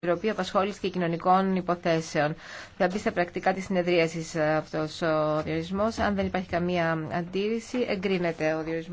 Επιτροπή Απασχόληση και Κοινωνικών Υποθέσεων. Θα μπει στα πρακτικά τη συνεδρίαση ε, αυτό ο διορισμό. Αν δεν υπάρχει καμία αντίρρηση, εγκρίνεται ο διορισμό.